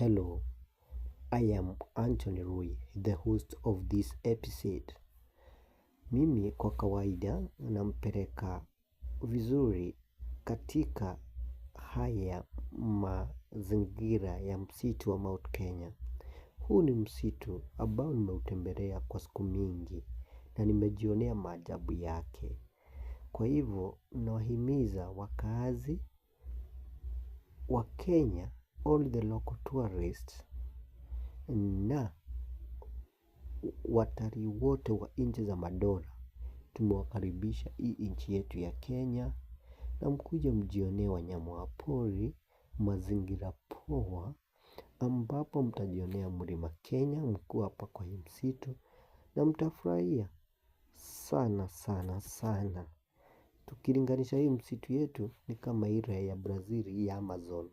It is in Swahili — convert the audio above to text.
Hello, I am Anthony Roy, the host of this episode. Mimi kwa kawaida nampeleka vizuri katika haya mazingira ya msitu wa Mount Kenya. Huu ni msitu ambao nimeutembelea kwa siku mingi na nimejionea maajabu yake. Kwa hivyo nawahimiza wakaazi wa Kenya all the local tourists na watalii wote wa nchi za madola tumewakaribisha hii nchi yetu ya Kenya na mkuje mjionee wanyama wa pori, mazingira poa ambapo mtajionea mlima Kenya mkuu hapa kwa hii msitu na mtafurahia sana sana sana. Tukilinganisha hii msitu yetu ni kama ile ya Brazil ya Amazon.